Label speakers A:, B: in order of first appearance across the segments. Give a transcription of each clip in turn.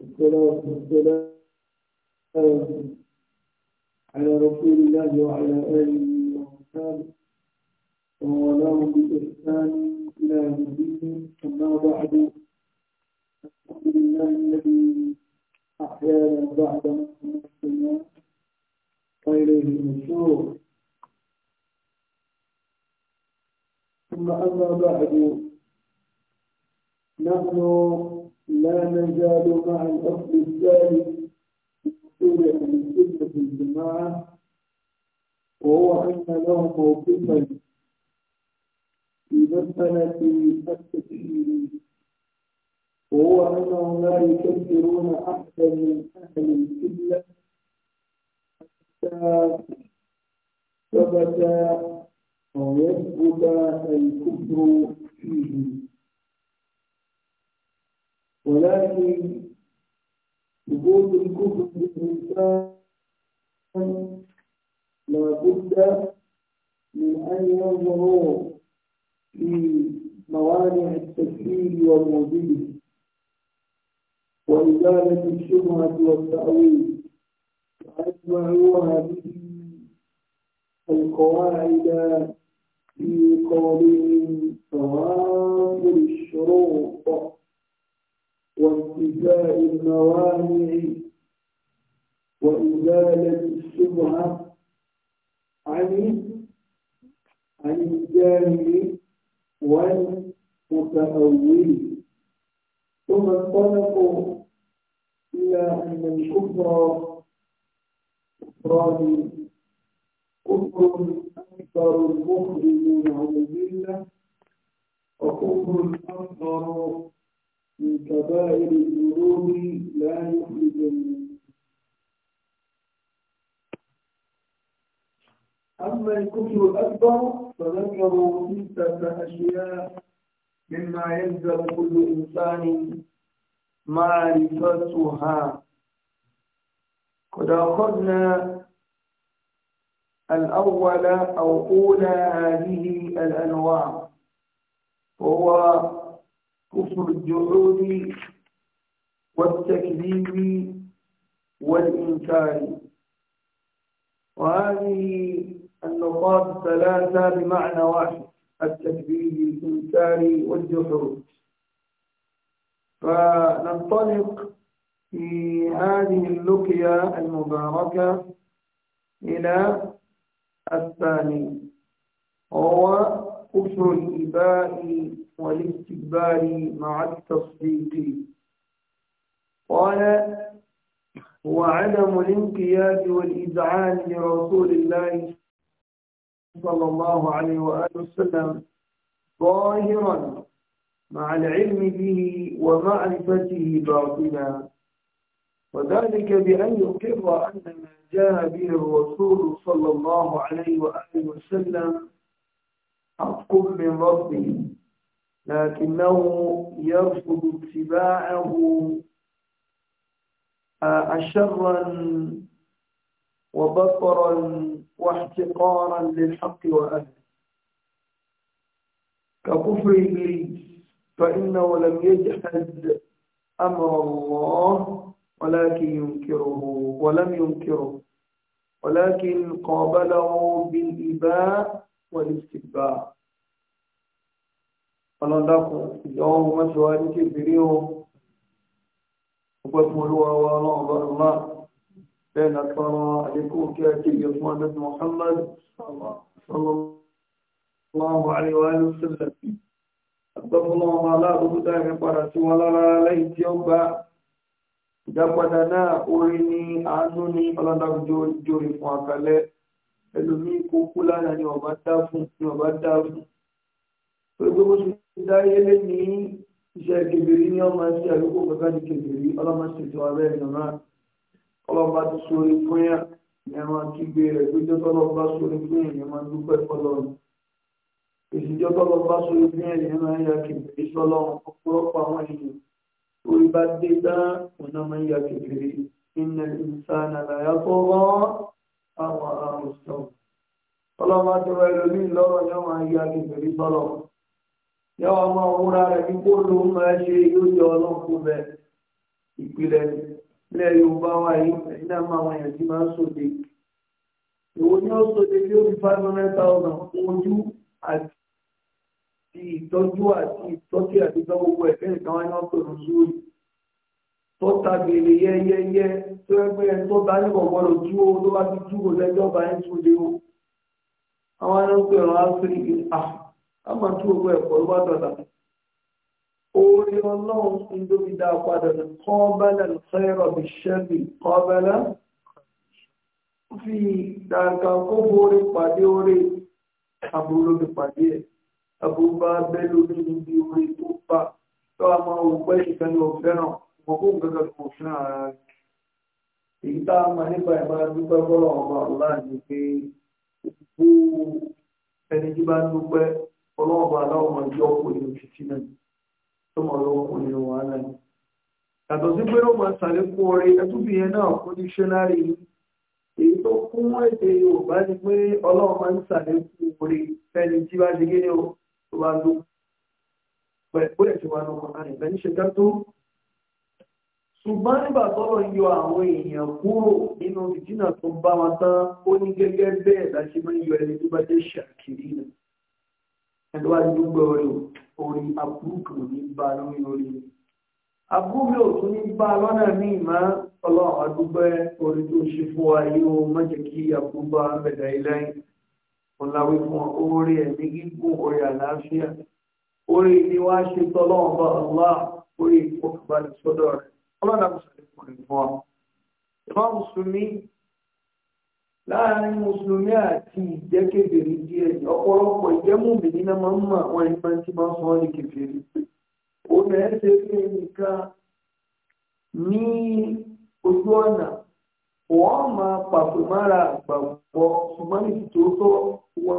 A: والصلاة والسلام على رسول الله وعلى آله وصحبه ومن بإحسان إلى يوم الدين أما بعد الحمد لله الذي أحيانا بعد ما وإليه النشور ثم أما بعد نحن لا نزال مع الأصل الثالث في أصول أهل السنة الجماعة وهو أن له موقفا في مسألة التكفير وهو أنهم لا يكفرون أحدا من أهل السنة حتى ثبت أو يثبت الكفر فيهم ولكن ثبوت الكفر للإنسان لا بد من أن ينظروا في موانع التكفير والوجود وإزالة الشبهة والتأويل وأجمعوا هذه القواعد في قوله توافر الشروط وانتزاع الموانع وإزالة الشبهة عن عن الجاهل والمتأول ثم انطلقوا إلى أن الكفر كفران كفر أكثر المخرج عن الملة وكفر أصغر من كبائر الذنوب لا يخرجني أما الكفر الأكبر فذكروا ستة أشياء مما يلزم كل إنسان معرفتها قد أخذنا الأول أو أولى هذه الأنواع وهو كفر الجحود والتكذيب والإنكار وهذه النقاط الثلاثة بمعنى واحد التكذيب والإنكار والجحود فننطلق في هذه اللقية المباركة إلى الثاني وهو كفر الإباء والاستكبار مع التصديق قال هو عدم الانقياد والإذعان لرسول الله صلى الله عليه وآله وسلم ظاهرا مع العلم به ومعرفته باطنا وذلك بأن يقر أن ما جاء به الرسول صلى الله عليه وآله وسلم حق من ربه لكنه يرفض اتباعه آه، أشرا وبطرا واحتقارا للحق وأهله ككفر إبليس فإنه لم يجحد أمر الله ولكن ينكره ولم ينكره ولكن قابله بالإباء والاستكبار ọlọ́dọ́kùn ìjọwọ́ mọ́ ṣe wá ní kébìrí o ọgbẹ́ fún olúwa wa náà lọ́rùn náà bẹ́ẹ̀ na tọrọ àdékù kí a kí ìyẹ̀ fún adébù Muhammad sallallahu alaihi wa sallam agbẹ́fún ọmọ aláàbùkù dáhìn padà sí wọn lára lẹ́yìn tí ó gba ìdápadà náà orí ní àánú ní ọlọ́dọ́kùn jórí fún akalẹ́ ẹlòmíì kó kú lára ni ọba dá fún ni ọba dá fún gbogbo bó ṣe dáyé lé ní iṣẹ́ kébèrè ní ọmọ ẹṣẹ́ àlùkò kankan ní kébèrè ọlọ́mọ ṣètò abẹ́ ìnàmá ọlọ́mọba ti sórí fún yà ní àwọn akígbe rẹ̀ gbẹjọ́ tọ́lọ́mọba sórí fún yà ní àwọn dúpẹ́ fọlọ́run ìṣèjọ́ tọ́lọ́mọba sórí fún yà ní àwọn ẹ̀yà kébèrè sọlọ́run ọ̀pọ̀lọpọ̀ àwọn èèyàn orí bá dé dá ọ̀nà máa ń ya kébèrè ìnà ìsàn àlàyé fọ́rọ́ àwọn ará mùsùlùmí ọlọ́mọ tó wá ẹlòmí lọ́rọ̀ yóò máa yí agbègbè sọ́lọ̀ yóò wá máa wúra rẹ̀ ní kó ló máa ṣe yóò jẹ ọlọ́kù bẹ ìpìlẹ̀ ilẹ̀ Yorùbá wa yìí ẹ̀yìn náà máa wọ̀nyẹ̀ tí máa ń sòde èwo ni ó sòde tí ó fi five àti ìtọ́jú àti ìtọ́jú àti ìtọ́jú gbogbo ẹ̀ fẹ́ẹ̀ kan wá ní wọ́n tó tàgbèrè yẹ́yẹ́yẹ́ tó ẹgbẹ́ tó bá níbọ̀ gbọ́dọ̀ tú o tó bá ti tú o lẹ́jọ́ bá ń tú dé o àwọn ẹni ń pè ọ́n áfíríkì à ah, á máa tú owó ẹ̀kọ́ ló bá dọ̀dà orí ọlọ́run ń dóbi dá padà ní kọ́bẹ́lẹ̀ fẹ́rọ̀ bí ṣẹ́bì kọ́bẹ́lẹ̀ fi dàgbà kó borí pàdé orí àbúrò lóbi pàdé ẹ̀ àbúrò bá bẹ́ lóbi níbi orí tó bá tó a máa wò pẹ́ ìfẹ́ ní òfẹ́ràn gbogbo nǹkan kò fún ara èyí tá a mọ nípa ẹ̀ máa dúpẹ́ bọ́lọ̀ ọba aláàjì pé gbogbo ẹni tí bá ń dúpẹ́ ọlọ́ọ̀ba aláwọ̀ ọjọ́ ọkùnrin òṣìṣẹ́ náà tó mọ̀ lọ́kùnrin wàhálà ni yàtọ̀ sí pé ó máa ṣàlékún orin ẹtúbìyẹn náà fún díṣẹ́nárì èyí tó kún èdè Yorùbá ni pé Ọlọ́run máa ń ṣàlékún orin fẹ́ni ṣùgbọ́n nígbà tọ́lọ̀ yọ àwọn èèyàn kúrò nínú ìjìnà tó bá wọn tán ó ní gẹ́gẹ́ bẹ́ẹ̀ láti máa ń yọ ẹni tó bá jẹ́ ṣàkiri nà ẹni wá ní gbogbo rẹ̀ orí abúrúkú ní bá lórí orí abúrú mi ò tún ní bá lọ́nà míì má ọlọ́run orí tó ṣe fún wa ọlá orí ìfọkànbalẹ̀ sọ́dọ̀ rẹ̀ ọlọ́dà mùsùlùmí fún ọ. ìmọ̀ mùsùlùmí láàrin mùsùlùmí àti ìjẹ́kẹ̀bẹ̀rẹ̀ díẹ̀ ọ̀pọ̀lọpọ̀ ìjẹ́mùmí nínú máa ń mọ àwọn ìmọ̀ tí máa ń sọ ní kẹfẹ́rẹ́. òun ẹ̀ ṣe pé nìkan ní ojú ọ̀nà wọ́n máa pàpè mára àgbàgbọ́ ṣùgbọ́n ní ìtòótọ́ wọn.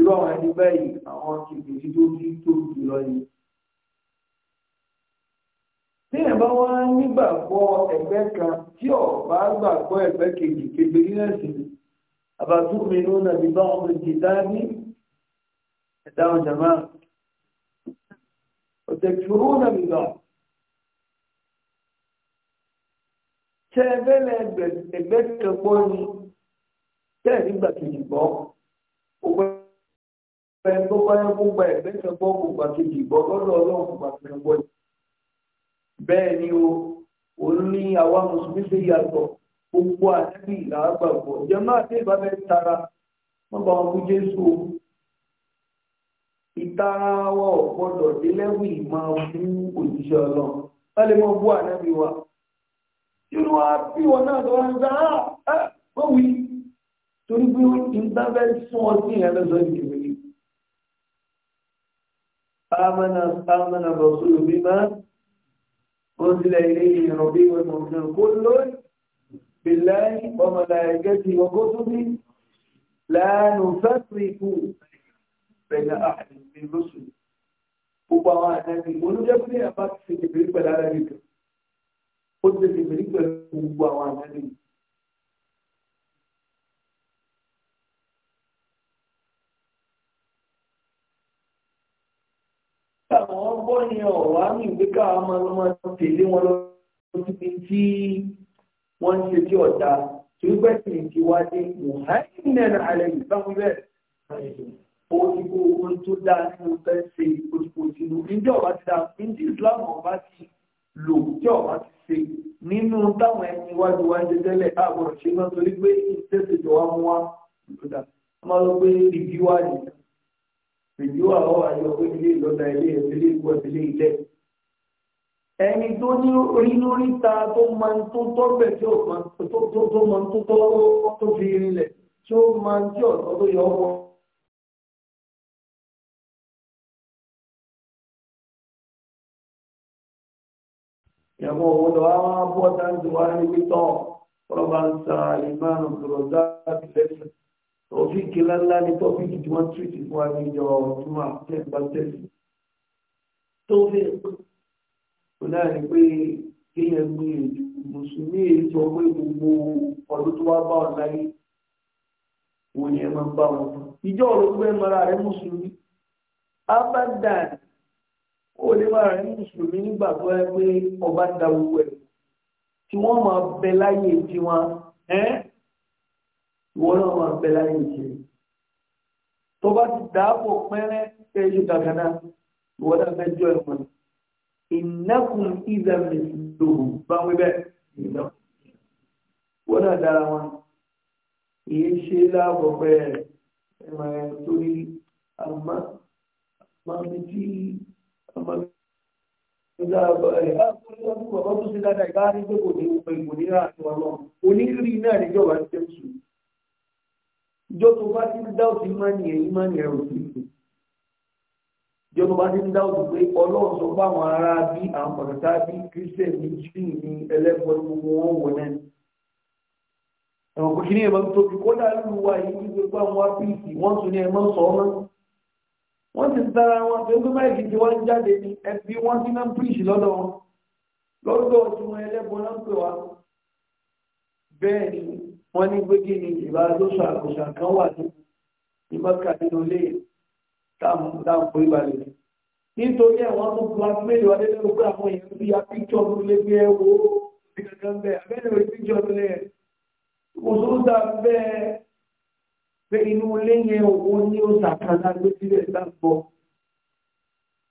A: irú àwọn ẹni báyìí àwọn kìkìkì tó bí tó jù lọ yìí. tí ẹ̀ bá wá nígbàgbọ́ ẹgbẹ́ kan tí ò bá gbàgbọ́ ẹgbẹ́ kejì kejì náà sì àbátúmínú nàbí bá wọn lè jì dání ẹ̀dá ọjà máa ọ̀tẹ̀kùrú nàbí bá tẹ ẹgbẹ́lẹ̀ ẹgbẹ́ kẹpọ́ ni tẹ́ẹ̀ nígbà kejì gbọ́ ó gbọ́ ẹni tó bá yẹn kó gba ẹgbẹ́ kan gbọ́ kó gba kejì gbọ́ lọ́dọ̀ ọlọ́run kó gba kan gbọ́ yìí. bẹ́ẹ̀ ni o òun ní àwa mùsùlùmí ṣe yàtọ̀ gbogbo ànábì làágbàgbọ́ jẹ́mọ́ àti ìbáfẹ́ tara wọ́n bá wọn kú jésù o. ìtara wa ò gbọ́dọ̀ délẹ́wì máa fún òjíṣẹ́ ọlọ́run wọ́n lè mọ bú ànábì wa. irú wa bí wọn náà tó ń gbà á ó wí torí pé ìtafẹ́ sún ọtí آمن آمن الرسول بما أنزل إليه ربي والمؤمنون كل بالله وملائكته وكتبه لا نفرق بين أحد من الرسل gbogbo àwọn àdáni olùjẹ́kù ní àbá ti ṣe kèbèrè pẹ̀lú ara rẹ̀ kò ṣe kèbèrè pẹ̀lú gbogbo àwọn àdáni àwọn ọgbọ́ ni ọ̀wá ní ìgbéká ọmọ ọmọ tèlé wọn lọ síbi tí wọ́n ń ṣe bí ọ̀dà tí ó gbẹ́ sí ti wá dé muhammed alẹ́ ìbámu bẹ́ẹ̀ ó ti kó ohun tó dáa nínú fẹ́ ṣe òṣìkò sínú níjọ́ ọba ti dáa níjọ́ Islam ọba ti lò tí ọba ti ṣe nínú táwọn ẹni wájú wá ń ṣe tẹ́lẹ̀ àbọ̀rọ̀ ṣe máa torí pé ìṣẹ́ṣẹ̀jọ̀ wa mú wa lọ́dà. wọ́n máa lọ pé rìbí wá nìyẹn. ìjú àwọn àyọ pé ilé ìlọ́ta ilé ìfilé ìkú ẹ̀filé ilẹ̀ ẹni tó ní orí lórí ta tó máa ń tó tọ́gbẹ̀ tí ó máa ń tó tọ́ tó fi rinlẹ̀ tí ó máa ń tí ọ̀tọ́ tó yọ ọwọ́ ìyàwó owó lọ àwọn abọ́ táǹtì wá ní pítọ́ ọlọ́ba tọ́fíìkì ńláńlá ní tọ́fíìkì tí wọ́n tírìtì fún wa ní ìjọ ọdún àtẹ́gbàtẹ́sì tọ́fíìkì kò náà ní pé kéèyàn gbìyànjú mùsùlùmí èso e pé gbogbo ọdún tó wá bá wọn láyé wò ni ẹ máa ń bá wọn fún ìjọ olóògbé mara rẹ mùsùlùmí abadan ó lè mara rẹ mùsùlùmí nígbà tó ẹ pé ọba ń da owó ẹ tí wọ́n máa bẹ láyé tiwọn ìwọ náà máa bẹ láyé ìṣe tó bá ti dáàbò pẹ́rẹ́ ẹ̀ṣù kàkànà ìwọ náà fẹ́ jọ ẹ̀wọ̀n ìnákùn ìdàmì lòhùn bá wí bẹ́ẹ̀ ìwọ náà dára wọn ìyé ṣe láàbò pẹ́rẹ́ ẹ̀mọ̀ ẹ̀ torí àmọ́ àmọ́ mi tí àmọ́ mi Bàbá tó ṣe dáadáa ìbá rí pé kò ní ìpè kò ní rà àti ọlọ́run. Onírí náà níjọba ti tẹ́ sùn ìjọ tó bá ti ń dá òsì mánì ẹ̀ ìmánì ẹ̀ òsì ìsìn ìjọ tó bá ti ń dá òsì pé ọlọ́run sọ fún àwọn ará bí àwọn pàtàkì bí christian ní júù ní ẹlẹ́gbọ́n gbogbo wọn wọ̀ náà ẹ̀wọ̀n kò kí ní ẹ̀mọ́ tóbi kódà lù wá yìí ní gbogbo àwọn apc wọ́n tún ní ẹ̀mọ́ sọ ọ́ wọ́n ti dára wọn tó ń gbé máìkì tí wọ́n ń jáde ní ẹbí wọ́n ti náà ń píìsì lọ́dọ̀ wọn lọ́dọ̀ wọ́n ní pé kí ni ìbáraẹ̀lóṣù àkùsà kan wà ní ìmọ́ka nínú ilé dáàpọ̀ ìbàlẹ̀ nítorí ẹ̀wọ̀n tó kọ́ agbẹ́lẹ̀ wà nínú pé àwọn èèyàn bí a píjọ́ tó lé bí ẹ wo bí kankan bẹ́ẹ̀ abẹ́lẹ̀ orí píjọ́ tó lé ẹ̀ mo tó dá bẹ́ẹ̀ pé inú ilé yẹn owó ní ó sàkánná ló sílẹ̀ dáàpọ̀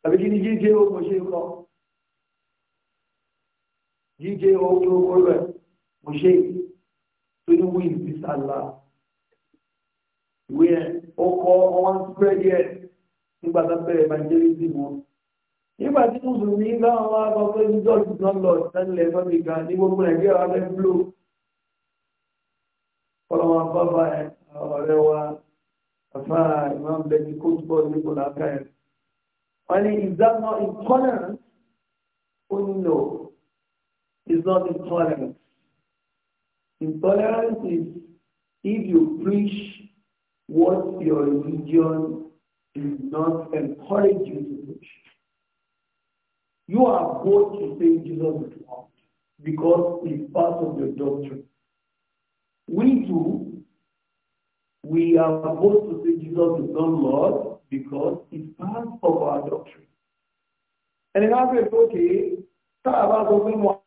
A: tàbí kí ni jíjẹ́ ó mo ṣe kọ́ jíjẹ́ ó tó kọ́ rẹ̀ mo ṣe yìí tó ní wí ìfisàlá ìwé ẹ ọkọ ọwọ́n spread yẹ nígbà tó bẹ̀rẹ̀ evangelism wọn. nígbà tí mùsùlùmí ń bá wọn wá sọ pé jesus náà lọ sẹ́lẹ̀ fọ́nìkà ní gbogbo nàìjíríà wà fẹ́ bló. fọlọ́wọ́n bàbá ẹ ọ̀rẹ́ wa bàbá ìmáà bẹni coach ball nípò láàkà ẹ̀. wọ́n ní is that not intolerance? ó ní no it's not intolerance. Intolerance is if you preach what your religion does not encourage you to preach. You are bold to say Jesus is Lord because it's part of your doctrine. We too, we are supposed to say Jesus is not Lord because it's part of our doctrine. And in Africa, okay, tá a bá sọ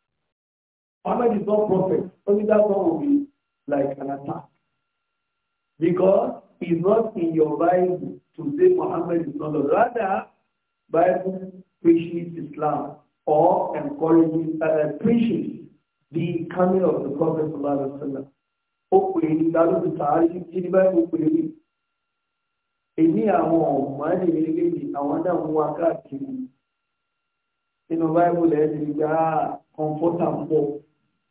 A: Muhammad is not prophet. Only that one will be like an attack. Because it's not in your mind to say Muhammad is not. a Rather, Bible preaches Islam or encourages, uh, preaches the coming of the Prophet Sallallahu Alaihi Wasallam. Ó pè é ní Dálóbi Sàárì tí ní báyìí ó pè é ní. Èmi àwọn ọ̀mọ́ ní méjèèjì àwọn náà mú wa káàkiri. Inú báyìí mo lẹ́yìn ti gbà kọ̀ǹfọ́tà pọ̀.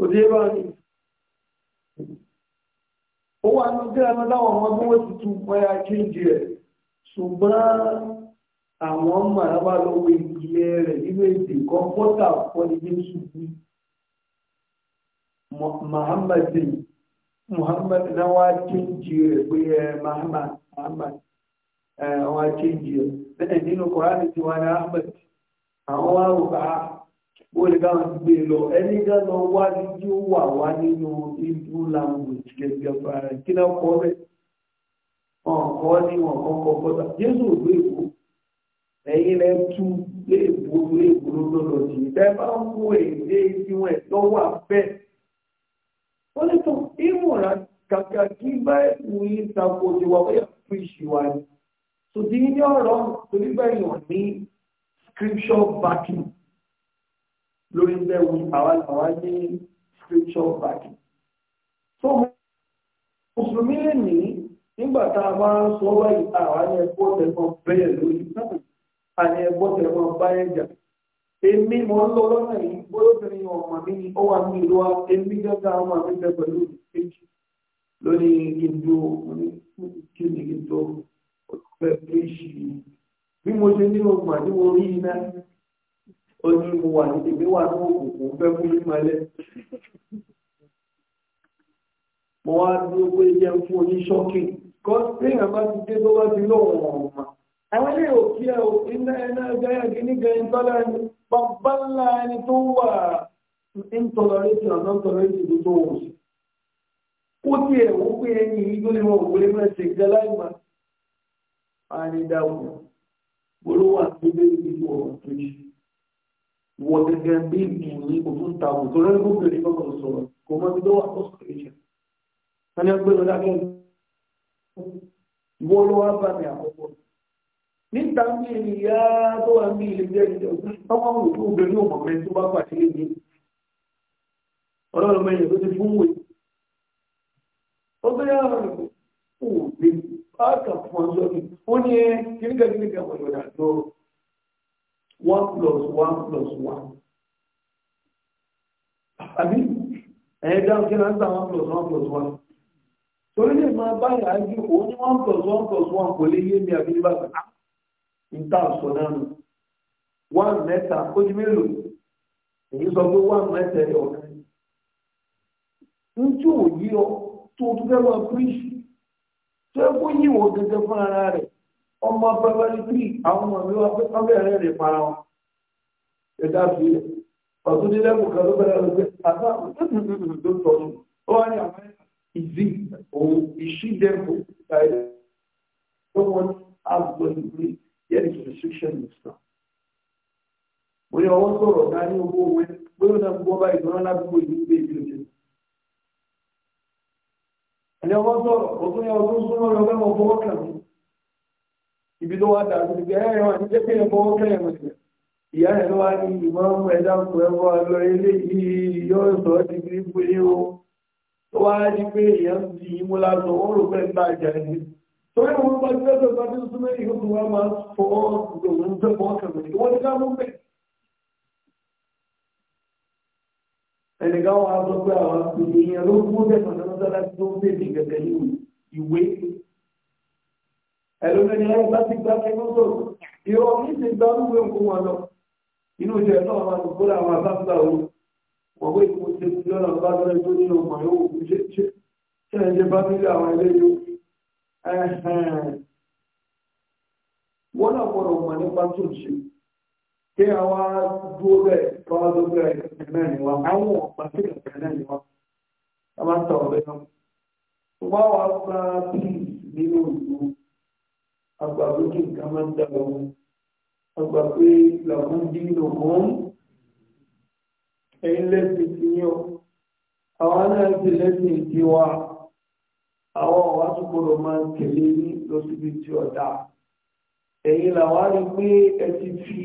A: òdì ẹ̀rọ ụwa ó wà ní ojú ẹ̀rọ láwọn ọmọ bí wọ́n ti tu pẹ́yà kéjì rẹ̀ àwọn màlábà lọ́wọ́ ìpìlẹ̀ rẹ̀ nínú èdè kọ́ńpọ́tà fọ́ni náà kéjì pé kéjì nínú Ahmed àwọn wọ́n lè báwọn ti gbé lọ ẹni gan lọ wá ní tí ó wà wá nínú Hebrew language gẹ́gẹ́ fara kí náà kọ́ bẹ́ẹ̀ ọ̀kọ́ ní ọ̀kan kọ́kọ́ ta Jésù òwe èkó ẹ̀yin lẹ tú léèbó léèbó ló lọ sí i bẹ́ẹ̀ bá ń wo èdè tiwọn ẹ̀ lọ́wọ́ abẹ́ wọ́n lè tán ìmọ̀ràn kàkà kí báyìí yín tako tiwa bóyá fún ìṣìwà ni tòdí ní ọ̀rọ̀ torí báyìí wọ́n ní scripture backing lórí bẹ́ẹ̀ wí àwa ní scripture backing. so mùsùlùmí lè ní nígbà tá a máa ń sọ wáyé àwa ní ẹgbọ́ tẹ̀gbọ́n bẹ́ẹ̀ lórí náà àní ẹgbọ́ tẹ̀gbọ́n bá ẹ̀jà èmi mọ̀ ń lọ lọ́nà yìí bóyóbìnrin ọmọ mi ni ó wà ní ìlú wa èmi gẹ́gẹ́ àwọn ọmọ mi bẹ pẹ̀lú ìkejì lónìí gíndó kí ni gíndó ó fẹ́ pé ṣì bí mo ṣe ní ọgbà ní orí náà ó ní mo wà ní tèmi wà ní òkùnkùn fẹ́ fún mi mọ́lẹ̀. mo wá dúró pé jẹ́ fún oní ṣọ́kì kọ́ téèyàn bá ti dé tó bá ti lọ́wọ́ ọ̀mà. àwọn ilé òkè ẹ̀ iná iná gáyàgé nígbà ẹni tọ́lá ẹni bàbá ńlá ẹni tó wà intolerance and non tó tó wọ̀ sí. ó ti ẹ̀ wọ́n pé ẹni yìí tó lè wọ́n òwúrẹ́ mẹ́sẹ̀ gẹ́láìmà. a ní dáhùn olówó àti bébí ìlú ọ̀rọ̀ tó yìí wọ gẹ́gẹ́ bí ìní òtún tàbù tó rẹ́ gómìnà kọ́kọ́ sọ̀rọ̀ kò mọ́ bí tó wà lọ́sọ̀ kejì tani ó gbẹ́nu dákẹ́ ìwọ ló wá bá mi àkọ́kọ́ níta ń bí ìyá tó wà ní ilé jẹ́ ìjọ ọmọ òun tó obìnrin ò mọ̀mẹ́ tó bá pàṣẹ lè ní ọlọ́run mẹ́yìn tó ti fún wèé ó bẹ́ẹ̀ àwọn òbí bá kà fún ọjọ́ ni ó ní ẹ kíníkà kíníkà wọ̀nyí one plus one plus one àbí ẹ̀yẹ́ dáhùn kí láńtà one plus one plus one torí lè máa báyìí ájú òun one plus one plus one kò lè yé mi àbí ní bàtà ah! níta sọ náà nù one mẹ́ta ó di mélòó èyí sọ pé one mẹ́ta ẹ̀ ọ̀kan ní tí ò yí ọ tó tún fẹ́ máa píríṣì tó ẹ kó yí wọn gẹ́gẹ́ fún ara rẹ̀ ọmọ bẹ́bẹ́lí tí àwọn ọmọ mi wá pé wọ́n bẹ̀rẹ̀ rẹ̀ para wọn. ẹ̀dá fi ọ̀tún ní lẹ́kùn kan ló bẹ̀rẹ̀ ló pé àbá tó tọ̀nù ó wá ní àwọn ìdí òun ìṣídẹ́kù láìlẹ́ tó wọ́n àgbọ̀ ìgbé yẹ́nì restriction nìkan. bóyá ọwọ́ sọ̀rọ̀ náà ní owó owó bóyá ọ̀nà gbọ́ bá ìgbọ́n ládùúgbò ìlú gbé ìlú jẹ. ẹni ọwọ́ sọ̀rọ̀ ọ̀tún yẹ ọdún súnmọ́ lọ fẹ́ mọ fọwọ́ kàn mí ibi ló wá dàbí ìgbẹ́ ẹ̀rọ àti jẹ́ pé ẹ̀kọ́ kẹ́yìn mọ̀sẹ̀ ìyá ẹ̀ ló wá ní ìmọ̀ọ́mù ẹ̀dá fún ẹ̀wọ́ lọ ilé yìí yóò sọ ọ́ ti fi gbé o tó wá ní pé èèyàn ti yín mú lásán ó rò pé ń bá àjà ẹni torí àwọn ọmọ ìgbẹ́ tó bá tó súnmọ́ èyí ó tún wá máa fọ́ òun tó wọ́n ti ká mú bẹ́ẹ̀. ẹnìkan wà ẹlòmíní ẹ̀rọ bá ti gbá kẹ́kọ̀ọ́ sọ̀rọ̀ ìrọ̀ mi ti gbá lúwẹ̀ ń kó wọn lọ inú ìjẹ́ náà máa ń gbọ́dọ̀ àwọn abáfúlà wo wọ́n wé ìkó ṣe ti lọ́nà bá lọ́rẹ́ tó ní ọmọ yóò kú ṣe ṣe ṣe ẹ̀ ṣe bá nílé àwọn ilé yóò wọ́n náà gbọ́dọ̀ mọ̀ nípa tó ń ṣe kí àwa dúró bẹ́ẹ̀ kọ́wá tó bẹ́ẹ̀ ẹ̀mẹ́ ni wa àwọn ọ̀pá sí ẹ̀mẹ́ ni wa a máa ń tọ̀ ọ̀bẹ náà wọ́n wá gba píìsì àgbà pé kí nǹkan máa ń dà wọn àgbà pé làwọn dínà wọn ẹ̀yin lẹ́sìn ti yàn àwọn náà ti lẹ́sìn ti wá àwọn ọ̀wá tó gbọdọ̀ máa tẹ̀lé ní lọ síbi tí ọ̀dà ẹ̀yin làwọn rí pé ẹ ti fi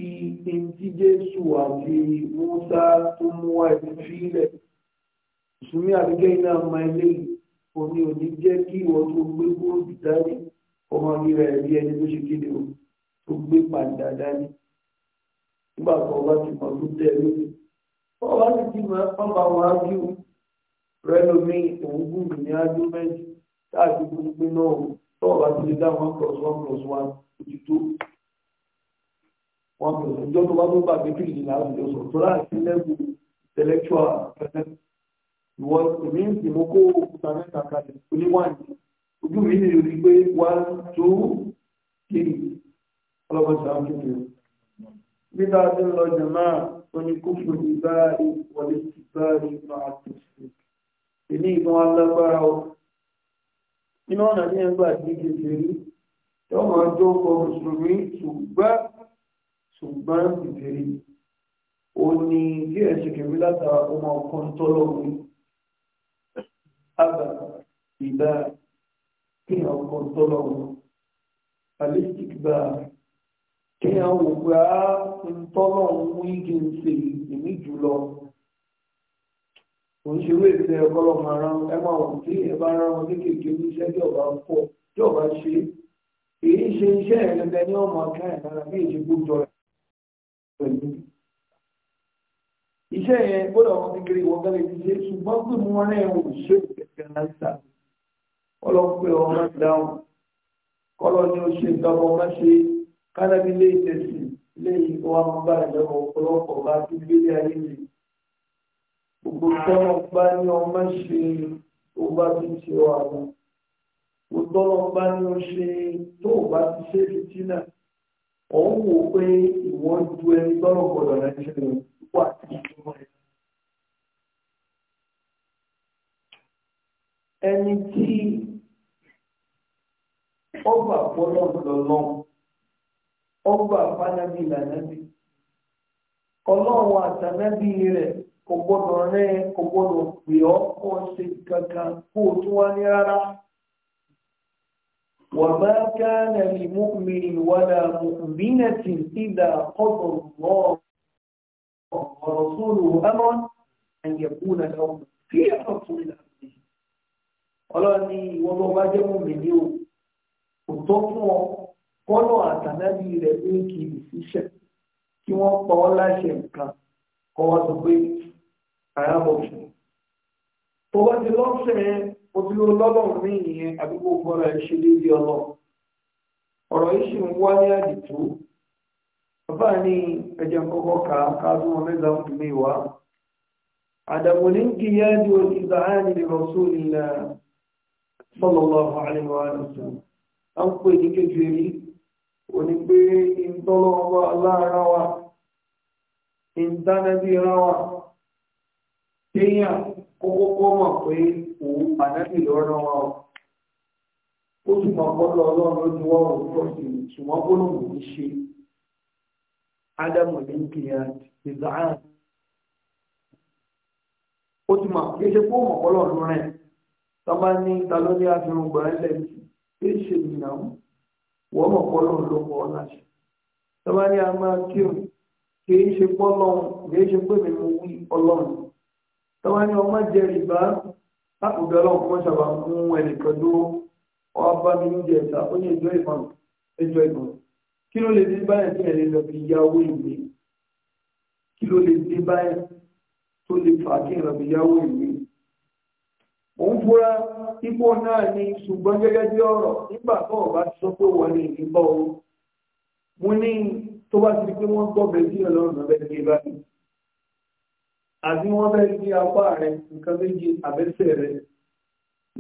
A: ẹntì Jésù àti Mùsá tó mú wa ẹ fi ilẹ̀ ìsúnmí àbíkẹ́yìn náà máa ilé òní òní jẹ́ kí ìwọ tó gbé gbòòdì dání. ọmọ rírẹ rí ẹni tó ṣe kéde o tó gbé pàǹdà dání nígbà tó ọba ti mọ tó tẹ lóde ọba ti ti mọ ọba wọn á bí o rẹ mi òun gùn ní gbogbo ọba ti lè one plus one plus one ojú tó one plus one bá tó bá gbé sọ tó láti intellectual ìwọ ìmí òkúta mẹ́ta kalẹ̀ oníwáǹdì. ojú mi ní orí pé one two three ọlọ́pàá sàrán kékeré nígbà tí ń lọ jàmá oníkófò ìbáàrí wọlé ìbáàrí máa tó sí èmi ìbọn alágbára o nínú ọ̀nà ní ẹgbà tí kékeré tó máa jó pọ̀ mùsùlùmí ṣùgbọ́n ṣùgbọ́n kékeré ó ní bí ẹ̀ṣẹ̀ kẹ̀mí látara ọmọ ọkàn tọ́lọ́wọ́ àgbà ìbáàrí kí ni ọkọ tọ́lọ́wọ́ alistikba kí ni àwọn òpè á ń tọ́lọ́wọ́ mú igi ń ṣe ìmí jùlọ òṣèré ìfẹ́ ọgọ́rọ̀ máa rán ẹ máa wọ̀n tí ẹ bá rán wọn kéékèèké oníṣẹ́ tí ọba ń pọ̀ tí ọba ṣe èyí ṣe iṣẹ́ ẹ̀rẹ́gbẹ́ ní ọmọ akẹ́yìn lára bí èṣe gbójọ rẹ̀ pẹ̀lú iṣẹ́ yẹn gbọ́dọ̀ wọn kékeré wọn ti ṣe ṣùgbọ́n pé mo rán ẹ̀ wò ṣé òkè kẹrin láti sàbẹ̀ ọlọ́pẹ́ ọmọ dáhùn kọ́lọ́ ni ó ṣe tọmọ ọmọ ṣe kánábí lé ìtẹ̀sí lé ìfọ́ amúgbà ìjọba ọ̀pọ̀lọpọ̀ bá ti gbélé ayé mi gbogbo tọ́lọ́ bá ní ọmọ ṣe tó bá ti ṣe ọ àwọn gbogbo tọ́lọ́ bá ní ó ṣe tó bá ti ṣe fìtínà òun wò pé ìwọ́n ju ẹni tọ́lọ̀ gbọ́dọ̀ nàìjíríà wà ní ìjọba ẹ̀. ẹni tí ọgbà pọlọ lọlọ ọgbà pánábì lànàbì ọlọ́run àtànábì rẹ̀ kò gbọ́dọ̀ rẹ kò gbọ́dọ̀ pè ọ́ kó ṣe kankan kó o tún wá ní rárá. وما كان لمؤمن ولا مؤمنة إذا قضى الله ورسوله أمرا أن يكون لهم في رسول الله. ọlọ́run ni ìwọ́n bá jẹ́ kò tó a ọ kọ́nà àtànábì rẹ̀ ní kiri síṣẹ̀ kí wọ́n pa ọ́ láṣẹ nǹkan kọ́ wá sọ pé àyàbọ̀ fún un. tó bá ti lọ́sẹ̀ mo ti lọ lọ́lọ́run ní ìyẹn àdúgbò ọ̀rọ̀ yìí sì ń wá ní àdìtú bàbá ní kọ́kọ́ ká mi wá ní kí di òṣìṣẹ́ sọ́lọ́lọ́ àlẹ́ wa a ń pè ní kékeré òní pé ìtọ́lọ́wọ́ aláàrá wa ìtánẹ́bí ra wa kókó mọ̀ o ó sì mọ̀ pọ́lọ́ ọlọ́run ló ti wọ́n òun tó sì ṣùgbọ́n kó lóun ṣe ádámù ní kìíyà ìzáàrùn ó kó mọ̀ ọlọ́run rẹ̀ tọ́ bá ní lẹ́yìn ṣe ìnáwó wọ́n mọ̀ kọ́lọ̀ ló mọ̀ ọ́ láṣẹ. Tọ́ba ní a máa kírun kì í ṣe pọ́lọ́run kì í ṣe pé mi mo wí ọlọ́run. Tọ́ba ní ọmọ jẹ rìbá lákòókò ọlọ́run kọ́ sábà mú ẹnìkan dúró ọwọ́ bá mi ní jẹ̀ta ó ní ẹjọ́ ìbọn ẹjọ́ ìbọn. Kí ló lè dé báyìí tí ẹ̀rẹ́ lọ fi ya owó ìwé? Kí ló lè dé báyìí tó lè fà á kí ẹ̀rọ fi ya owó ìwé? òun búra ipò náà ni ṣùgbọ́n gẹ́gẹ́ bí ọ̀rọ̀ nígbà tó o bá sọ pé wọ́n ní ìbọn o mo ní tó bá ti di pé wọ́n gbọ́ bẹ̀rẹ̀ sí ọlọ́run ọ̀bẹ ti e báyìí àbí wọ́n bẹ̀rẹ̀ sí apá rẹ̀ nǹkan méjì abẹ́sẹ̀ rẹ̀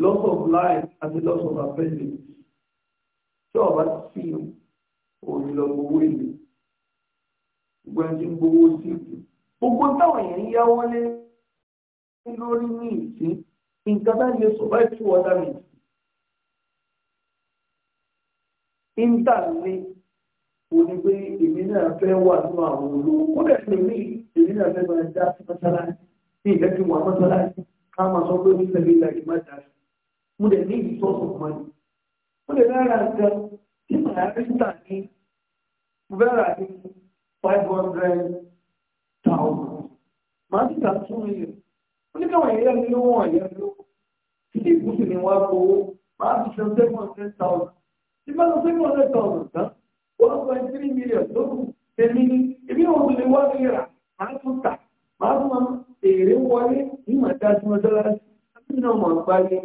A: loss of life àti loss of affection tí ọba ti fi òní lọ gbowó ìlú gbogbo ẹni tí ń gbowó sí gbogbo táwọn èèyàn yáwọ́ lé lórí ní ìsín In bá you survive through other means ìntà ní òní pé èmi náà fẹ́ wà nínú àwọn olówó kódà èmi èmi náà fẹ́ máa dá sí mọ́sálásí ní ìfẹ́ fi wà mọ́sálásí ká máa sọ pé oníṣẹ́ mi láti má dá sí mo dẹ̀ ní ìdí sọ́ọ̀sì kan ní mo dẹ̀ lára nǹkan tí màá rí tà ní mo fẹ́ rà ní five hundred thousand màá sì ta two oníkàwọn èèyàn ní lówó wọn èèyàn ló títí ìbùsùn ni wọn gbowó máa ti san seven hundred thousand tí bá lọ seven hundred thousand tán one point three million tó kù tèmi ní èmi ò tún lè wá sí rà máa tún tà máa tún máa èrè wọlé ní màá dá sí mọ́ṣáláṣí àti náà mọ̀ nípa ní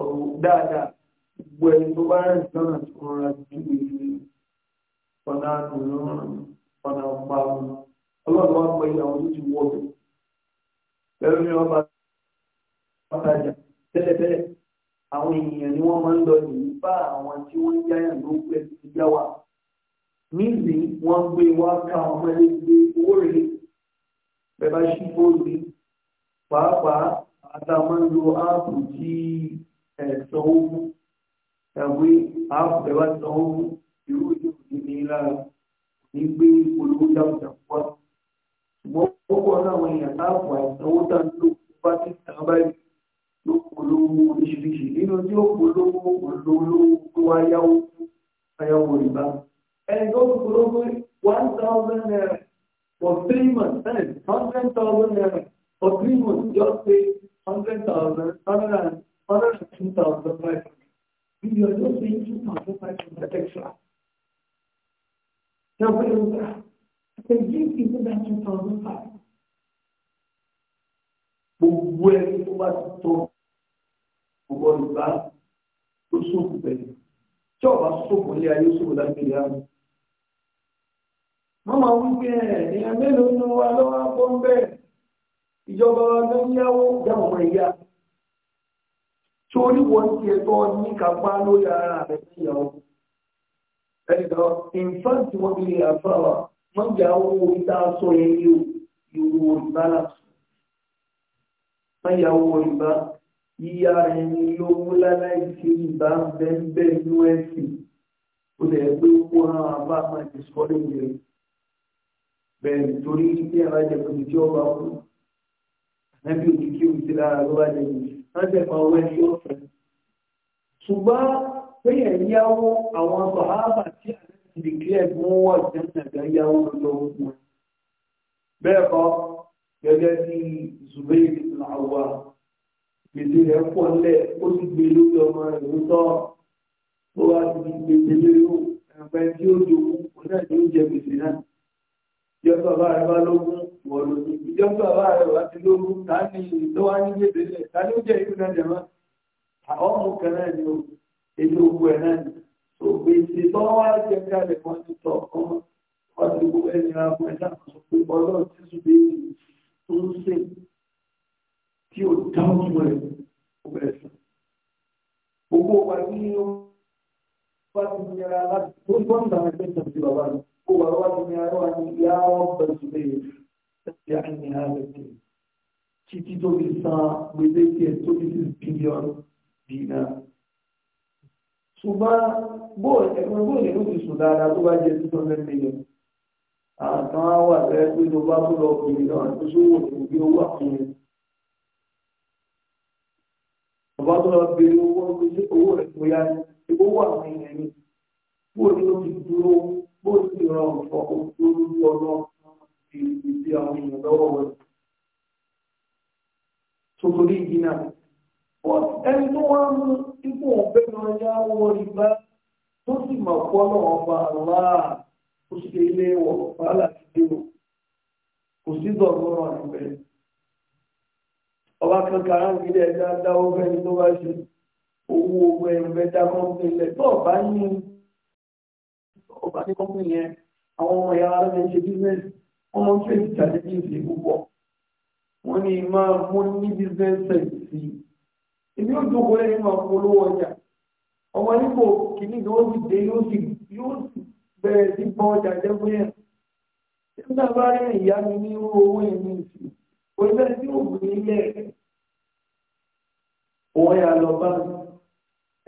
A: ọ̀rọ̀ dáadáa gbogbo ẹni tó bá rẹ̀ sọ́nà tó rọra ju ìlú ọ̀nà àdùnnú ọ̀nà ọ̀pá ọlọ́run wá pẹ̀lú àwọn tó ti wọ́ pẹ̀lú ní ọba ọ̀tajà tẹ́lẹ̀tẹ́lẹ̀ àwọn èèyàn ni wọ́n máa ń lọ yìí bá àwọn tí wọ́n ń yáyà ló pẹ́ ti yá wa níbi wọ́n gbé wá ká àwọn ọmọdé gbé owó rèé bẹ́ẹ̀ bá ṣí fóònù pàápàá àtàwọn ń lo áàpù tí ẹ̀sán ó mú ẹ̀wé áàpù bẹ́ẹ̀ bá san ó mú irú ní gbé olówó dáhùn dàpọ̀ ṣùgbọ́n láwọn èèyàn táàpù àìsàn owó tá ló bá ti tàn báyìí ló polówó oríṣiríṣi nínú tí ó polówó olówó tó ayáwó ayáwó ìbá ẹni tó fi polówó one thousand naira for three months then hundred thousand naira for three months just pay hundred thousand hundred and hundred and two thousand five hundred you are just paying two thousand five hundred extra. Now, wait a minute. I said, give people that 2,005 gbogbo ẹni tó bá ti tọ́ gbogbo ìgbà tó sóògùn bẹ̀rẹ̀ tí ọba sóògùn ilé ayé sóògùn lágbèrè àwọn. wọ́n máa wí pé èèyàn mélòó ni wa lọ́wọ́ bọ́ ń bẹ̀ ìjọba ló ń yáwó dáhùn ọmọ ìyá torí wọ́n ti ẹ̀tọ́ ní kápá lórí ara rẹ̀ sí ìyàwó. ẹ̀dọ̀ ìfáǹtì wọn bí àfáwà wọ́n jà owó ìta sọ ẹ̀yìn ìwò ìbálàsọ máyàwó ìbá yíyá ẹni lówó láláì sí ìbá bẹ́ẹ̀ nú ẹ̀sìn ó lè gbé owó hàn àbá máa ti sọ́lé rẹ̀ bẹ́ẹ̀ torí pé àwọn àjẹkùnrin tí ó bá kú ẹbí òkè kí o ti lára ló bá jẹ yìí wọ́n jẹ́ kan owó ẹni ọ̀fẹ́ ṣùgbọ́n péyẹ̀ yáwó àwọn sọ̀hábà tí àti ìdíkẹ́ ẹ̀gbọ́n wọ̀ jẹ́ nàgbà yáwó lọ́wọ́ bẹ́ẹ̀ kọ́ gẹ́gẹ́ bí Zubair ibn Awwam gbèsè rẹ̀ pọ̀ lẹ̀ ó sì gbé lórí ọmọ rẹ̀ lótọ́ ó wá ti di gbèsè lórí ó ẹ̀fẹ́ tí ó jòkó ó náà ni ó jẹ gbèsè náà ìjọ bàbá rẹ̀ bá lógún wọ̀ lógún ìjọ bàbá rẹ̀ wá ti lógún ta ni tó wá ní gbèsè lẹ̀ ta ni ó jẹ náà jẹ̀mọ́ àwọn ọmọ náà ni ó èyí ogun ẹ̀ náà ni tó gbèsè tó wá jẹ kalẹ̀ wọn ti tọ̀ ọmọ wọn tó ń ṣe tí ò dá o rẹ̀ ó bẹ̀rẹ̀ sàn. Gbogbo wa ní ó bá ti nira láti tó o bọ́n dáná ẹgbẹ́ ìtàn sí bàbá rẹ̀. Kó wà que ní a wa ní ìyá wọn bẹ̀rẹ̀ sí bẹ́ẹ̀ ṣe àìní ààrẹ tẹ̀. Títí tó fi san gbèdéke tó fi sí bílíọ̀nù dínà. Ṣùgbọ́n bóòlù ẹ̀rọ bóòlù ẹ̀rọ ti àwọn kan á wà bẹ́ẹ̀ pé tó bá tó lọ kiri náà tó sówó òkú bí owó àkùnrin bàbá tó lọ bèrè owó ọgbẹ sí owó rẹ̀ tó yá ní owó àwọn èèyàn ni bó ní ó ti dúró bó sì rọrùn fọkọ tó lójú ọlọ́run ti ti àwọn èèyàn lọ́wọ́ rẹ̀ sotori yìí ẹni tó wá mú ipò ọ̀bẹ náà yá wọ ìgbà tó sì mọ̀ fọ́lọ́ ọba aláà ó sì ṣe ilé wọ̀ wàhálà ti dé o kò sí zọ̀gbọ́rọ̀ àgbẹ̀ ọba kankan aráàlú ilé ẹja dáwọ́ fẹ́ni tó bá ṣe owó owó ẹ̀rùnfẹ́ dá kọ́ńpì ilẹ̀ tó ọba ní ọba ní kọ́ńpì yẹn àwọn ọmọ ìyá ara rẹ̀ ń ṣe bísíǹsì wọ́n mọ̀ fẹ́ ìtàdé kí n sì púpọ̀ wọ́n ní máa mú ní bísíǹsì sí i èmi ò jókòó lẹ́yìn máa polówó ọjà ọmọ nípò kìíní ni ó sì dé yóò sì bẹ̀rẹ̀ sí bọ́ ọjà jẹ́ fún yẹn tí mo náà bá rí ìyá mi ní irú owó ẹ̀mí ìsìn òun bẹ́ẹ̀ tí òun ní ilé òun yà lọ bá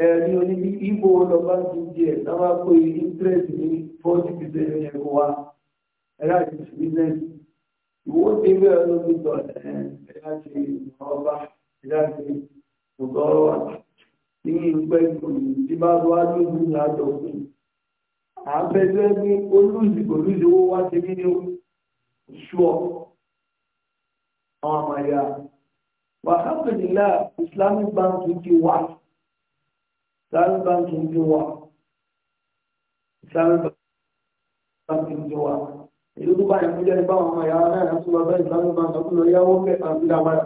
A: ẹ̀rí oníbi ibo lọ bá ti jẹ náà kó interest ní forty percent yẹn kó wa ẹ̀rá ti fi business ìwọ ti bẹ́ẹ̀ ló ti tọ̀ ẹ̀rá ti ọba ẹ̀rá ti ọgọ́rọ̀ wà ní ìgbẹ́ ìgbòyìn tí bá wá lójú ní àjọ fún un àbẹ̀lẹ́ ní olúzìgbò lúzi owó wá ti bí ní ṣúọ́ àwọn àmàyà wàhálùdílá islamic bank ti wà islamic bank ti wà islamic bank ti wà ìlú tó bá yẹn fún jẹ́ nípa àwọn àmàyà náà láti lọ bẹ́ islamic bank tó lọ yáwó mẹ́ta sí lábára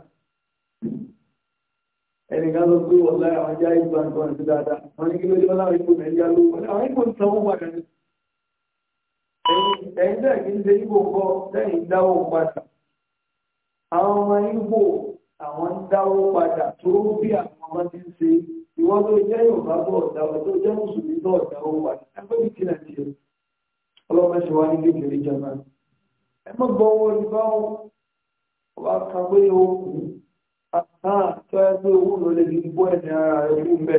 A: ẹnìkan ló pé wọ́n láyé àwọn ajá ìgbà nǹkan àti dáadáa wọ́n ní kí ló dé wọ́n láwọn ipò nàìjíríà ló wọ́n àwọn ipò nǹkan wọn padà ní. ẹ̀yin náà kì í ṣe ibo kọ lẹ́yìn dáwọ́ padà àwọn ọmọ ibo àwọn ń dáwọ́ padà tó bí àwọn ọmọ ti ń ṣe ìwọ́n tó jẹ́ yorùbá tó ọ̀dáwọ́ tó jẹ́ mùsùlùmí tó ọ̀dáwọ́ padà ẹgbẹ́ mi kìlà tiẹ̀ ọlọ́mọ ṣe wá ní Ah, tó ẹ pé owó ló lè fi bọ́ ẹ̀sìn ara rẹ̀ kú mbẹ́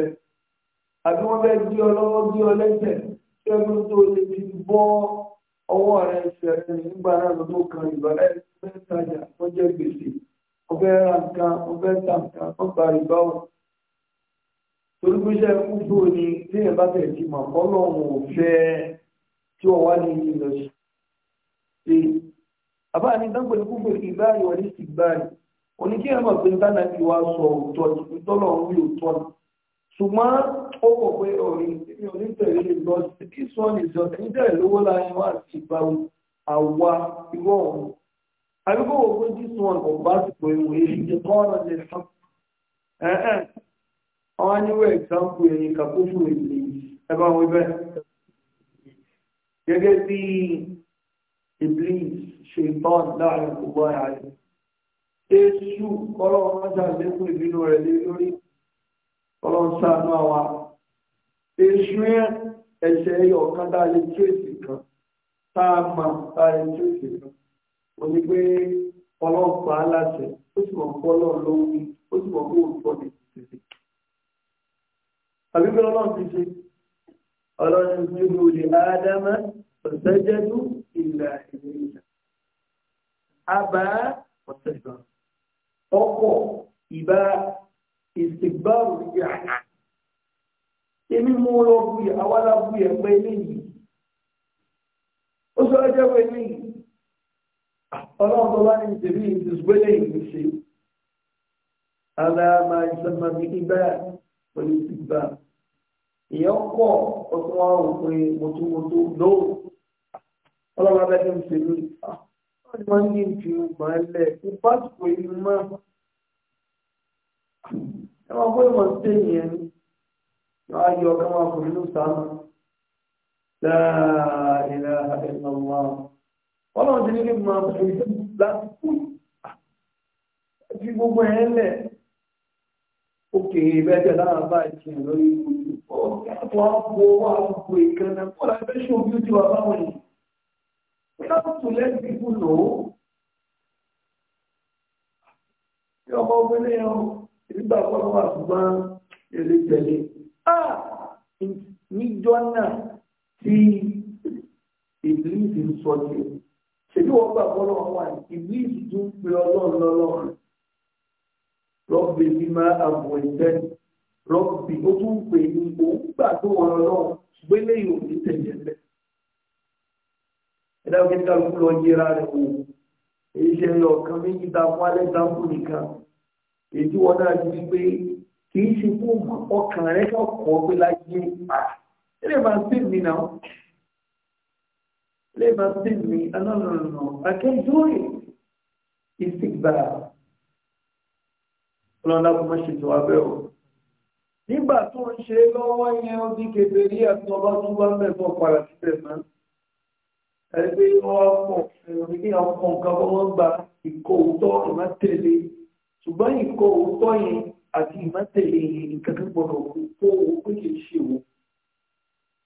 A: àbí wọ́n fẹ́ gbé ọ lọ́wọ́ gbé ọ lẹ́sẹ̀ tó ẹ pé tó lè fi bọ́ ọwọ́ rẹ̀ ìṣẹ̀lẹ̀ nígbà náà ló tó kan ìbálẹ̀ fẹ́ tajà wọ́n jẹ́ gbèsè wọ́n fẹ́ ra nǹkan wọ́n fẹ́ ta nǹkan wọ́n gba ìbá wọn. torí pé iṣẹ́ kú tó ni tí ẹ bá tẹ̀ ti mọ̀ ọlọ́run ò fẹ́ tí wọ́n wá ní ìlọsí. àbá oníkí ẹ̀mọ̀ pé tánàbí wa sọ òótọ́ ìtọ́lọ̀ orí òótọ́ ni ṣùgbọ́n ó kọ̀ pé ọ̀rìn tí onítẹ̀rẹ́ lè lọ sí bí sọ́ọ̀nì sọ níjẹ̀rẹ̀ lówó láyé wá sí ìgbà àwa irú ọ̀hún àbíkó wò pé this one kò bá sì pé ìwé ìdí kọ́ọ̀nà lè sàn ẹ̀ẹ́n àwọn aníwẹ̀ ìsáǹpù ẹ̀yìn kàkó fún èdè ẹ bá wọn bẹ́ẹ̀ gẹ́gẹ́ bí iblis ṣe ìbọn láàrin gbogbo àyà rẹ̀ esu kọ́lọ́wọ́ mọ́jà lékún ìbínú rẹ̀ lé lórí ọlọ́run sáánú àwa. Èṣù esu ẹ̀ṣẹ̀ ẹyọ kan dá tí èsì kan taa a taa tá a lè kan. Ó ní pé ọlọ́run pa á láṣẹ, ó sì mọ̀ pé ọlọ́run ló ó sì ti ṣe ọlọ́run ti ádámá ìlà ìlú ìlà. ọ̀pọ̀ ìbá ìsìgbàrò yà á. Èmi mú lọ bu yẹ, àwa la bu yẹ pé léyìí. Ó sọ ẹ jẹ́ pé léyìí. Ọlọ́run tó bá ní ìṣèlú ìṣèlú léyìí ń ṣe. Aláàmà bí ibà pẹ̀lú ìsìgbà. Ìyẹn pọ̀ ọtún wa rò mọ̀tòmọ̀tò lóò. Ọlọ́run abẹ́kẹ́ ń ṣèlú wọ́n máa ń ní ìfi ìmọ̀ ẹlẹ̀ ipá tó ìmọ̀ ẹ máa bó ìmọ̀ sí ènìyàn ni wọ́n á yọ ọkọ̀ máa fòmí ló sáánù láàrínlá ìlànà ọlọ́run ti ní kí máa fòmí láti kú fi gbogbo ẹ̀ lẹ̀ òkè ìbẹ́jẹ̀ láwọn bá ìtì lórí ìwòsàn ọ̀gá tó wá bu owó àwọn ìkànnà kó láti ó ti wà báwọn yìí not to let people know. Ṣé ọmọ obìnrin yẹn ìgbà ọpọlọ wà ṣùgbọ́n èlé tẹ̀lé? Ah! Níjọ́ náà tí ìbílíìsì ń sọ jù. Ṣé bí wọ́n gbà ọpọlọ wà ní ìbílíìsì tún pe ọlọ́run lọ́lọ́run? Rọ́bì bí máa àbò ìtẹ́. Rọ́bì ó tún pè ní òun gbà tó wọn lọ́run. Gbélé yóò ní tẹ̀lé ẹ̀dá òkè tí a lùkú lọ yẹra rẹ̀ wò èyí ṣe lọ kan méjì ta fún alẹ́ sáńpù nìkan èyí tí wọ́n náà ti rí pé kì í ṣe fún ọkàn rẹ̀ kọ̀ọ̀kọ̀ pé láyé àti ilé máa ń pè mí náà ilé máa ń pè mí anọ́nà akẹ́jọ́rì ìsìgbà ọlọ́lá kò má ṣe tó abẹ́ o nígbà tó ń ṣe lọ́wọ́ yẹn ó bí kébèrè àti ọlọ́dún wá mẹ́fọ́ padà síbẹ̀ máa ẹgbẹ́ ọkùn ẹ̀rọ̀mí ọkùn nǹkan kọ́ wọ́n gba ìkó òótọ́ ìmọ̀tẹ̀lé ṣùgbọ́n ìkó òótọ́ yẹn àti ìmọ̀tẹ̀lé yẹn nǹkan kan gbọ́dọ̀ kó owó pé kì í ṣe wò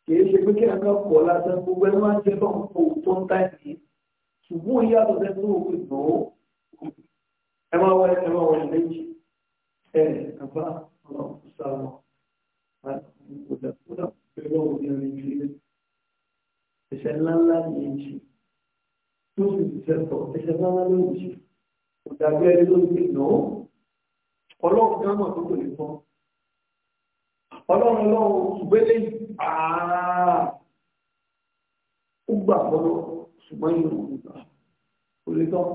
A: kìí ṣe pé kí a kàn kọ́ lásán gbogbo ẹ̀ máa ń jẹ́ bọ́n kó òótọ́ ń táìsì ṣùgbọ́n ìyàtọ̀ sẹ́nu òkú ìgbọ̀n ẹ̀ṣẹ̀ ńláńlá ní èjì tó sì ti sẹ́kọ̀ ẹ̀ṣẹ̀ ńláńlá ní èjì kò dàbí ẹni ló ń gbé náà ọlọ́run kan mọ̀ tó kò lè fọ́ ọlọ́run ọlọ́run gbélé àárá ó gbà fọ́lọ́ ṣùgbọ́n yìí ò gbà kò lè tán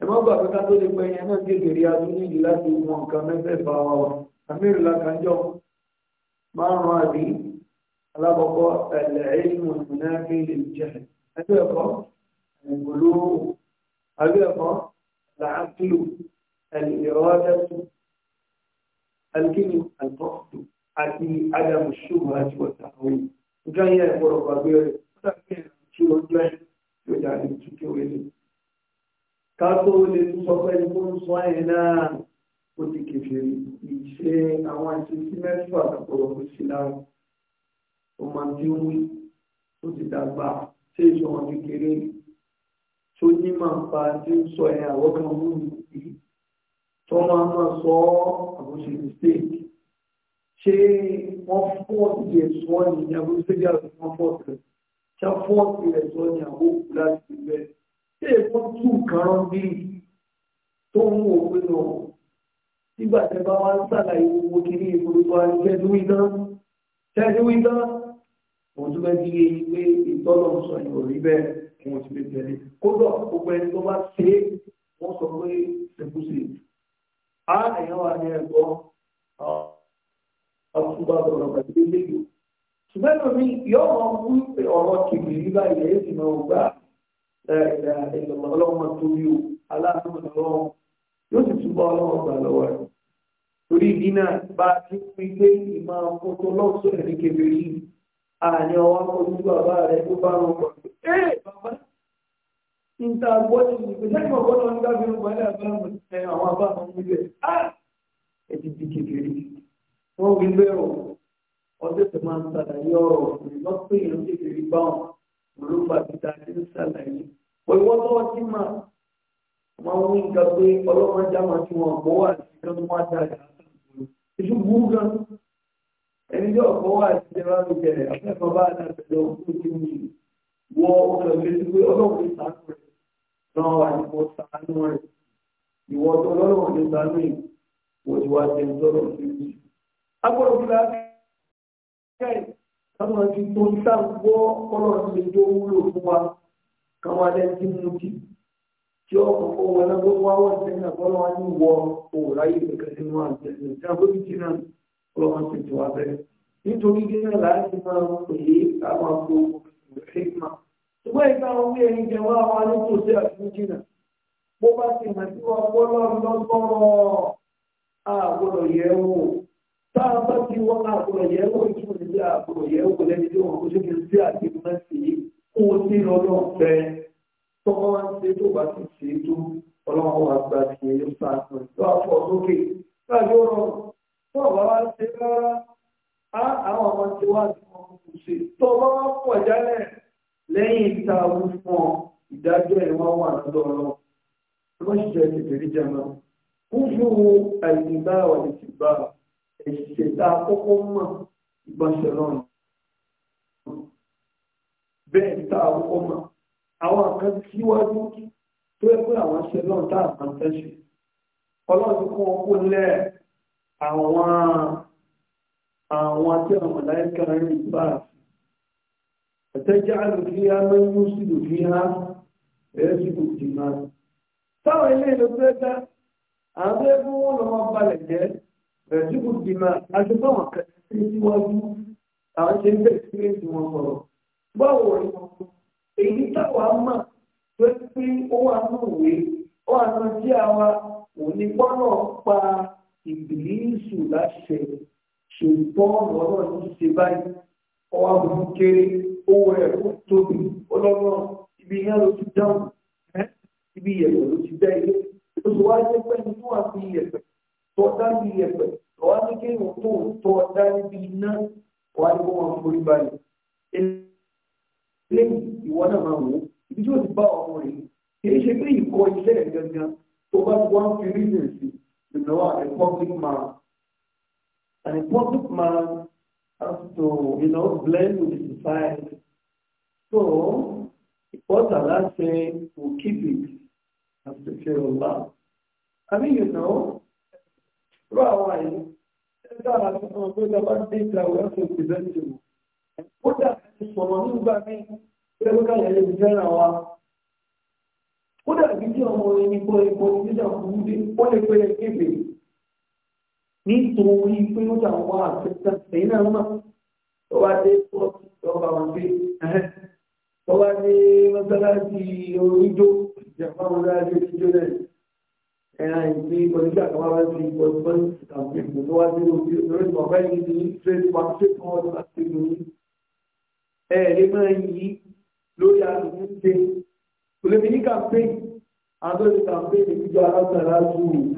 A: ẹ má gbà pé ká tó lè pẹ́ yẹn náà kékeré adúlé láti wọn nǹkan mẹ́fẹ̀ẹ́fà wa àmì ìrìlá kan jọ márùn-ún àdéhùn. على بقاء العلم المنافي للجهل هل يقع القلوب هل يقع العقل الإرادة الكلمة القصد عدم عدم الشبهة والتحويل وكان يقول الرجل تحكي شو الجهل يجعل الشكوي كاتو لنصف يكون صينا وتكفي يشين أوان تسمى شو تقول في السلام ó máa ń bí wí ó ti dàgbà ṣé ìṣọ́ wọn kékeré tó ní máa ń pa tí ń sọ ẹ̀ àwọn kan mú mi sí tó máa máa sọ ọ́ àbúṣe mistake ṣé wọ́n fọ́ọ̀tì rẹ̀ sọ ni ní àbúṣe bí àwọn kan fọ́ọ̀tì rẹ̀ ṣé fọ́ọ̀tì rẹ̀ sọ ni àwọn òkú láti fi bẹ́ẹ̀ ṣé èkó tún nǹkan bí tó ń wò pé náà nígbà tẹ bá wá ń ṣàlàyé gbogbo kiri ìfowópamọ́ ìfẹ́ náà tẹ́lẹ̀ náà òun tó bẹ́ẹ̀ bí yé pé ìtọ́nà sọ yìí ò rí bẹ́ẹ̀ kí wọ́n ti lè tẹ̀lé kódà gbogbo ẹni tó bá ṣe é wọ́n sọ pé ṣèkúṣe á ẹ̀yàn wà ní ẹ̀gbọ́ ọ̀túnbá bọ̀rọ̀ pẹ̀lú lẹ́yìn ṣùgbọ́n mi yọ ọ̀rọ̀ mú ọ̀rọ̀ kìbì nígbà yẹn èsì máa gbà ìlọ̀mọ̀ ọlọ́mọ tóbi o aláàánú ọlọ́run yóò sì túbọ̀ gbà lọ́wọ́ rẹ̀ àní ọwọ́ kojú bàbá rẹ̀ tó bá wọn pọ̀ ẹ́ bàbá níta gbọ́dọ̀ ìpínlẹ̀ ìmọ̀ gbọ́dọ̀ ń dábí ọmọ ilé àbámu ẹ àwọn àbámu níbẹ̀ á ẹ ti di kékeré wọ́n o ọdún tó máa ń ṣàlàyé ọ̀rọ̀ ìlọ́ pé ìlú kékeré bá wọn olùfà títa ti ń ṣàlàyé pé wọ́n tọ́wọ́ sí máa máa ń wí nǹkan pé gan-an ẹni tí ọkọ̀ wà ti máa ń jẹrẹ afẹ́fọ́ bá náà tẹ̀lé ọkọ̀ tí mi wọ ọkọ̀ létí pé ọlọ́run sànú rẹ̀ náà wà ní wọ́n sànú rẹ̀ ìwọ tó lọ́rùn ní sànú yìí wọ́n ti wá jẹun tọ́lọ̀ sí i. agbọ́dọ̀ fi láti ṣe káwọn ti tó ń sàgbọ́ ọ̀rọ̀ ṣe tó wúlò fún wa káwọn adé ti mú kí tí ọkọ̀ fún wọn lọ́gbọ́n wá wọ́n ti ọlọ́run sì ti wá bẹ́ẹ̀. nítorí gíga láti máa ń pè é káwọn kó hikma. ṣùgbọ́n ìgbà orí ẹni jẹ wá wa nítòsí àfihàn bó bá ti hàn sí wa kó lọ́run lọ́gbọ́rọ̀ àgbọ̀dọ̀ yẹ̀ wò. tá a bá ti wọ́n àgbọ̀dọ̀ yẹ̀ wò ìtumọ̀ níbi àgbọ̀dọ̀ yẹ̀ wò lẹ́ni tí wọ́n kó ṣe kí n sí àti mẹ́sì kó o sí lọ́dọ̀ fẹ́. tọ́kọ́ wá tó ọ̀bá wá ṣe rárá á àwọn ọmọ tí wá sí wọn kò ṣe tó ọba wá pọ̀ jálẹ̀ lẹ́yìn ìta àwọn fún ọ ìdájọ́ ẹ̀ wá wà lọ́dọ̀ ọlọ́run wọ́n sì jẹ́ kékeré jẹ́mọ́ kúfúrú àìsíbá àìsíbá ẹ̀ṣẹ̀ tá a kọ́kọ́ mọ̀ ìgbọ̀nsẹ̀ náà bẹ́ẹ̀ tá a kọ́kọ́ mọ̀ àwọn kan síwájú tó yẹ pé àwọn a kàn fẹ́ ṣe ọlọ́run àwọn àwọn tí àwọn mọ̀láíkà ń rí bá ẹ̀tẹ́jẹ́ àlùfíà mẹ́rin sí lùfíà ẹ̀ẹ́ sí kò jì máa táwọn ilé ìlú tó dá àwọn ẹgbẹ́ wọn lọ́mọ balẹ̀ jẹ́ ẹ̀ẹ́ sí kò jì máa aṣọ ìbìlí tí ò bá ṣe ṣètò ọ̀rọ̀ ní ṣe báyìí ọwọ́ àbùkù kéré owó ẹ̀ ó tóbi ọlọ́rọ̀ ibi iná ló ti dáhùn ibi ìyẹ̀pẹ̀ ló ti dá ilé ó sì wá jẹ́ pé nínú àti ìyẹ̀pẹ̀ tó dá ní ìyẹ̀pẹ̀ ọ̀wá ní kí èèyàn tó tó dá níbi iná wà ní kó wọn forí balẹ̀ eléyìí ìwọ náà máa wò ó ibi tí ó ti bá ọmọ rẹ̀ kìí ṣe pé ìkọ iṣẹ́ ẹ̀ gangan tó bá wọ́n fi rí nìyẹn sí ìnáwó àti public man An important man has to, you know, blend with the society. So, what Allah saying will keep it as the fear of Allah. I mean, you know, Rawai, kódà sọ̀rọ̀ nígbà mí pẹ́lúkà yẹn lè fẹ́ràn wa kódà bí tí ọmọ ẹni kọ́ ẹ̀kọ́ ìdíjà kúrú dé ó lè pẹ́lẹ̀ kébèrè nítorí pé ó jà wá àtẹ́tẹ́ ẹ̀yìn náà mọ̀ tó bá dé pọ́ọ̀tù tó bá wọn dé tó bá dé mọ́sálásí oríjó ìjàmbá mọ́sálásí oríjó náà ẹ̀yà ìgbé oníṣẹ́ àkàwà wá sí ìpọ̀lùpọ̀lù tàbí ìgbòho wá sí orí ọ̀fẹ́ yìí ní trade one trade one láti ìlú yìí ẹ̀ẹ́dẹ́ máa yí lórí àtúntò ṣe kò lè fi ní campaign àtúntò campaign ìjọ alágbára lóòrùn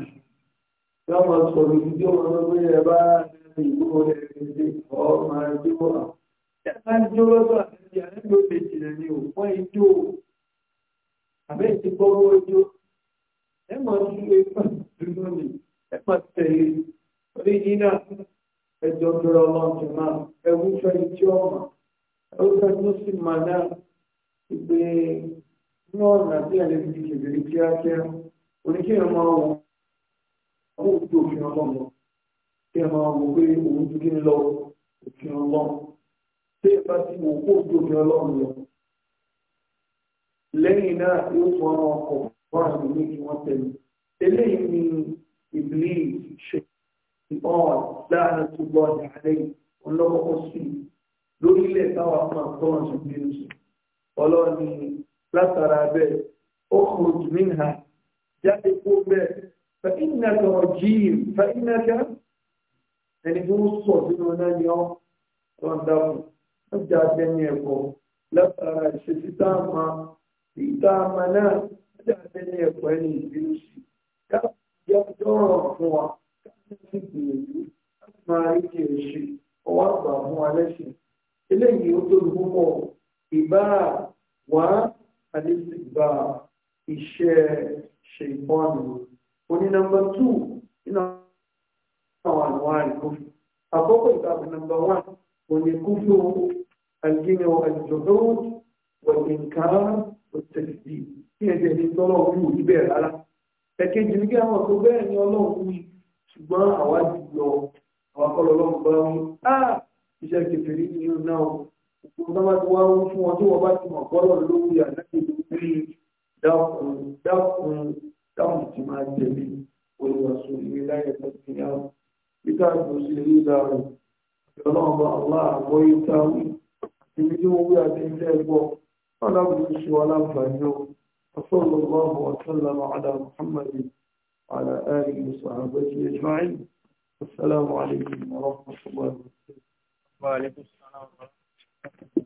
A: yọ máa sọ̀rọ̀ ìdíjọ́ wọn lọ́gbẹ́ ẹ bá ìlú rẹ̀ ṣe ọ́ máa jó wà. Ẹ̀ka ń jó lọ́dọ̀ àti àlejò lè jìnà ní òpin ijó. Àbẹ́ ti gbọ́ owó ijó. Ẹ máa ń ṣe ẹgbẹ́ dúró ni ẹ máa tẹ̀lé. Orí yìí náà ẹjọ́ dúró ọlọ́ọ̀tún náà ẹ̀wù fẹ́ ijó ọ̀mà. Ẹ̀wù fẹ́ tó sì máa náà ìgbé ní ọ̀nà tí àlejò ti kíákíá. Oníkèèyàn máa wò àwọn òbí òfin ọlọ́run lọ kí ẹ máa wò pé òun ti kíni lọ òfin ọlọ́run tí ẹ bá ti wò pé òbí òfin ọlọ́run lọ lẹ́yìn náà yóò fún ọmọ ọkọ̀ fún àmì ní kí wọ́n tẹ̀lé eléyìí ni ìbílí ṣe ìbọn láàrin tó ní alẹ́ ọlọ́kọ́kọ́ sí lórílẹ̀ táwa fún àtọ́nà tó gbé nìyí ọlọ́run látara bẹ́ẹ̀ ó kò jù mí nà jáde kó bẹ́ẹ̀. فإنك رجيم فإنك يعني هو الصوت هنا اليوم رندم أبدا بينكم لا شتاما شتامنا أبدا بينكم يعني بيوشي كم يبدو هو كم يبدو ما يجيشي وأرضى هو لشي إليه يطلبه إباء والاستكبار إشاء شيطانه òní nọmba tù nínú àwọn àwọn àìkúfù àkọ́kọ́ ìtàkùn nọmba wà òní kúfù àgbìnà àjọ̀dọ́ wọ̀nyìnká òtẹ̀sì kí ẹ̀jẹ̀ ní tọ́lọ̀ wù ní bẹ́ẹ̀ rárá ẹ̀kejì ní kí àwọn tó bẹ́ẹ̀ ní ọlọ́run wí ṣùgbọ́n àwa jùlọ àwọn akọ́lọ̀ ọlọ́run bá wí á iṣẹ́ kẹfìrí ni ó náà òkú tó bá ti wá ń fún wọn tó wọn bá ti mọ̀ kọ́lọ̀ lówó yà náà dákùn dákùn káwọn ti máa jẹ̀bi olùwàsó ilé láyé tẹsí yàrá peter àgbòsí ilé ìdáhùn ìjọlọ́ọ̀bọ aláàbọ̀ ìtawí ibi tí wọ́n wí àti ilé ẹ̀gbọ́ aláàbò ṣe wà láǹfààní o وصلى الله وسلم على محمد وعلى آله وصحبه أجمعين السلام عليكم ورحمة الله وبركاته وعليكم السلام ورحمة الله